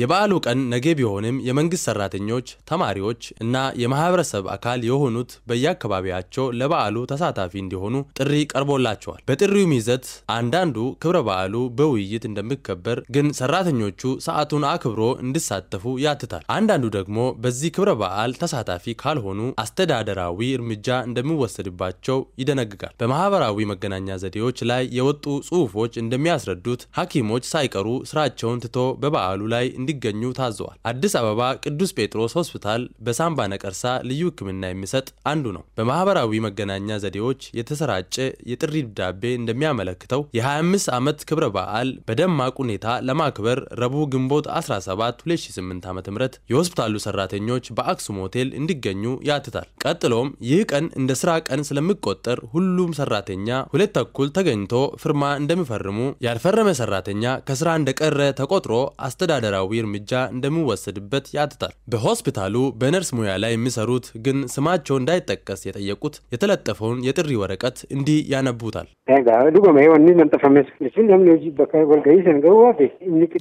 የበዓሉ ቀን ነገ ቢሆንም የመንግስት ሰራተኞች፣ ተማሪዎች እና የማህበረሰብ አካል የሆኑት በየአካባቢያቸው ለበዓሉ ተሳታፊ እንዲሆኑ ጥሪ ቀርቦላቸዋል። በጥሪውም ይዘት አንዳንዱ ክብረ በዓሉ በውይይት እንደሚከበር ግን ሰራተኞቹ ሰዓቱን አክብሮ እንዲሳተፉ ያትታል። አንዳንዱ ደግሞ በዚህ ክብረ በዓል ተሳታፊ ካልሆኑ አስተዳደራዊ እርምጃ እንደሚወሰድባቸው ይደነግጋል። በማኅበራዊ መገናኛ ዘዴዎች ላይ የወጡ ጽሑፎች እንደሚያስረዱት ሐኪሞች ሳይቀሩ ስራቸውን ትቶ በበዓሉ ላይ እንዲገኙ ታዘዋል። አዲስ አበባ ቅዱስ ጴጥሮስ ሆስፒታል በሳምባ ነቀርሳ ልዩ ሕክምና የሚሰጥ አንዱ ነው። በማህበራዊ መገናኛ ዘዴዎች የተሰራጨ የጥሪ ደብዳቤ እንደሚያመለክተው የ25 ዓመት ክብረ በዓል በደማቅ ሁኔታ ለማክበር ረቡዕ ግንቦት 17 2008 ዓ ም የሆስፒታሉ ሰራተኞች በአክሱም ሆቴል እንዲገኙ ያትታል። ቀጥሎም ይህ ቀን እንደ ስራ ቀን ስለሚቆጠር ሁሉም ሰራተኛ ሁለት ተኩል ተገኝቶ ፍርማ እንደሚፈርሙ፣ ያልፈረመ ሰራተኛ ከስራ እንደቀረ ተቆጥሮ አስተዳደራዊ እርምጃ እንደሚወሰድበት ያትታል። በሆስፒታሉ በነርስ ሙያ ላይ የሚሰሩት ግን ስማቸው እንዳይጠቀስ የጠየቁት የተለጠፈውን የጥሪ ወረቀት እንዲህ ያነቡታል።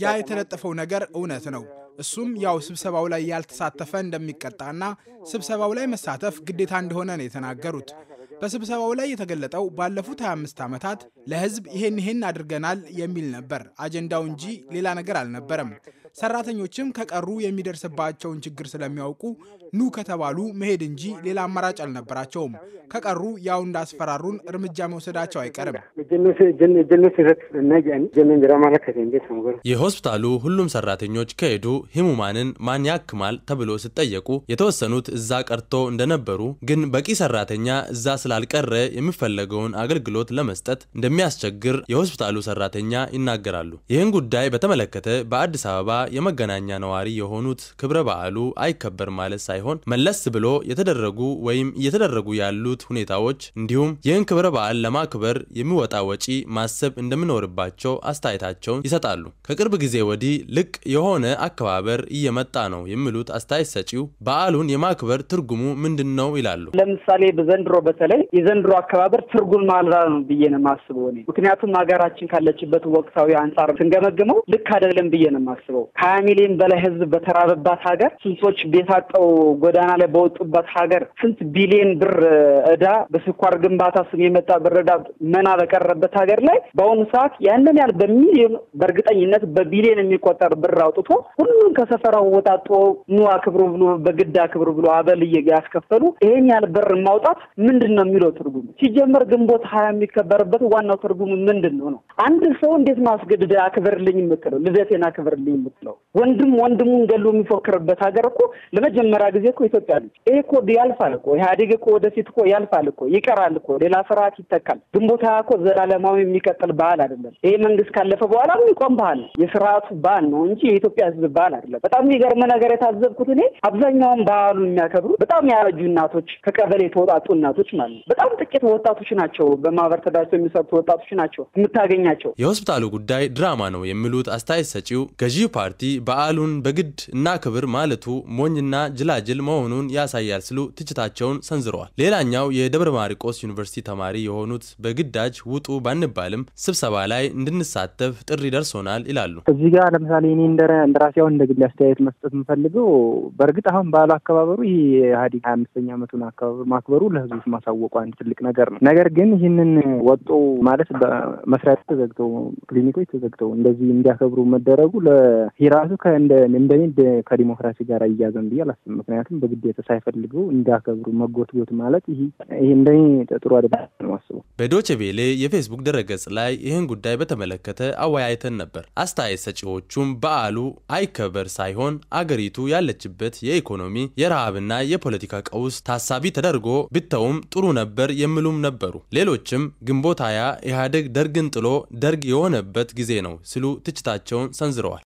ያ የተለጠፈው ነገር እውነት ነው። እሱም ያው ስብሰባው ላይ ያልተሳተፈ እንደሚቀጣና ስብሰባው ላይ መሳተፍ ግዴታ እንደሆነ ነው የተናገሩት። በስብሰባው ላይ የተገለጠው ባለፉት 25 ዓመታት ለህዝብ ይሄን ይሄን አድርገናል የሚል ነበር አጀንዳው እንጂ ሌላ ነገር አልነበረም። ሰራተኞችም ከቀሩ የሚደርስባቸውን ችግር ስለሚያውቁ ኑ ከተባሉ መሄድ እንጂ ሌላ አማራጭ አልነበራቸውም። ከቀሩ ያው እንዳስፈራሩን እርምጃ መውሰዳቸው አይቀርም። የሆስፒታሉ ሁሉም ሰራተኞች ከሄዱ ህሙማንን ማን ያክማል ተብሎ ሲጠየቁ የተወሰኑት እዛ ቀርቶ እንደነበሩ ግን በቂ ሰራተኛ እዛ ስላልቀረ የሚፈለገውን አገልግሎት ለመስጠት እንደሚያስቸግር የሆስፒታሉ ሰራተኛ ይናገራሉ። ይህን ጉዳይ በተመለከተ በአዲስ አበባ የመገናኛ ነዋሪ የሆኑት ክብረ በዓሉ አይከበር ማለት ሳይሆን መለስ ብሎ የተደረጉ ወይም እየተደረጉ ያሉት ሁኔታዎች እንዲሁም ይህን ክብረ በዓል ለማክበር የሚወጣ ወጪ ማሰብ እንደሚኖርባቸው አስተያየታቸውን ይሰጣሉ። ከቅርብ ጊዜ ወዲህ ልቅ የሆነ አከባበር እየመጣ ነው የሚሉት አስተያየት ሰጪው በዓሉን የማክበር ትርጉሙ ምንድን ነው ይላሉ። ለምሳሌ በዘንድሮ በተለይ የዘንድሮ አከባበር ትርጉም ማላ ነው ብዬ ነው የማስበው እኔ ምክንያቱም ሀገራችን ካለችበት ወቅታዊ አንጻር ስንገመግመው ልክ አይደለም ብዬ ነው የማስበው። ከሀያ ሚሊዮን በላይ ህዝብ በተራበባት ሀገር፣ ስንቶች ቤታጠው ጎዳና ላይ በወጡበት ሀገር ስንት ቢሊዮን ብር እዳ በስኳር ግንባታ ስም የመጣ ብር እዳ መና በቀረበት ሀገር ላይ በአሁኑ ሰዓት ያንን ያህል በሚሊዮን በእርግጠኝነት በቢሊዮን የሚቆጠር ብር አውጥቶ ሁሉም ከሰፈራው ወጣጦ ኑ አክብሩ ብሎ በግድ አክብሩ ብሎ አበል ያስከፈሉ ይሄን ያህል ብር ማውጣት ምንድን ነው የሚለው ትርጉሙ? ሲጀመር ግንቦት ሀያ የሚከበርበት ዋናው ትርጉሙ ምንድን ነው ነው? አንድ ሰው እንዴት ማስገድደ አክብርልኝ የምትለው ልደቴን አክብርልኝ የምትለው ነው። ወንድም ወንድሙን ገሎ የሚፎክርበት ሀገር እኮ ለመጀመሪያ ጊዜ እኮ ኢትዮጵያ ነች። ይሄ እኮ ያልፋል እኮ ኢህአዴግ እኮ ወደፊት እኮ ያልፋል እኮ ይቀራል እኮ ሌላ ስርዓት ይተካል። ግንቦት ሃያ እኮ ዘላለማዊ የሚቀጥል ባህል አይደለም። ይሄ መንግስት ካለፈ በኋላ የሚቆም ባህል ነው። የስርዓቱ ባህል ነው እንጂ የኢትዮጵያ ህዝብ ባህል አይደለም። በጣም የሚገርም ነገር የታዘብኩት እኔ አብዛኛውን ባህሉ የሚያከብሩ በጣም ያረጁ እናቶች፣ ከቀበሌ የተወጣጡ እናቶች ማለት ነው። በጣም ጥቂት ወጣቶች ናቸው፣ በማህበር ተደራጅተው የሚሰሩት ወጣቶች ናቸው የምታገኛቸው። የሆስፒታሉ ጉዳይ ድራማ ነው የሚሉት አስተያየት ሰጪው ገዢው ፓርቲ ፓርቲ በዓሉን በግድ እናክብር ማለቱ ሞኝና ጅላጅል መሆኑን ያሳያል ሲሉ ትችታቸውን ሰንዝረዋል። ሌላኛው የደብረ ማርቆስ ዩኒቨርሲቲ ተማሪ የሆኑት በግዳጅ ውጡ ባንባልም ስብሰባ ላይ እንድንሳተፍ ጥሪ ደርሶናል ይላሉ። እዚህ ጋር ለምሳሌ እኔ እንደራሴ አሁን እንደ አስተያየት መስጠት የምፈልገው በእርግጥ አሁን በዓሉ አከባበሩ ይሄ የኢህአዴግ ሀያ አምስተኛ ዓመቱን አከባበሩ ማክበሩ ለህዝቡ ማሳወቁ አንድ ትልቅ ነገር ነው። ነገር ግን ይህንን ወጦ ማለት መስሪያ ተዘግተው፣ ክሊኒኮች ተዘግተው እንደዚህ እንዲያከብሩ መደረጉ የራሱ እንደኔ ከዲሞክራሲ ጋር እያዘን ብዬ አላስብም። ምክንያቱም በግዴታ ሳይፈልገው እንዳከብሩ መጎትጎት ማለት ይህ እንደኔ ጥሩ አደዳ አስበው። በዶቼ ቬሌ የፌስቡክ ድረገጽ ላይ ይህን ጉዳይ በተመለከተ አወያይተን ነበር። አስተያየት ሰጪዎቹም በዓሉ አይከበር ሳይሆን አገሪቱ ያለችበት የኢኮኖሚ የረሃብና የፖለቲካ ቀውስ ታሳቢ ተደርጎ ብተውም ጥሩ ነበር የሚሉም ነበሩ። ሌሎችም ግንቦት ሃያ ኢህአዴግ ደርግን ጥሎ ደርግ የሆነበት ጊዜ ነው ሲሉ ትችታቸውን ሰንዝረዋል።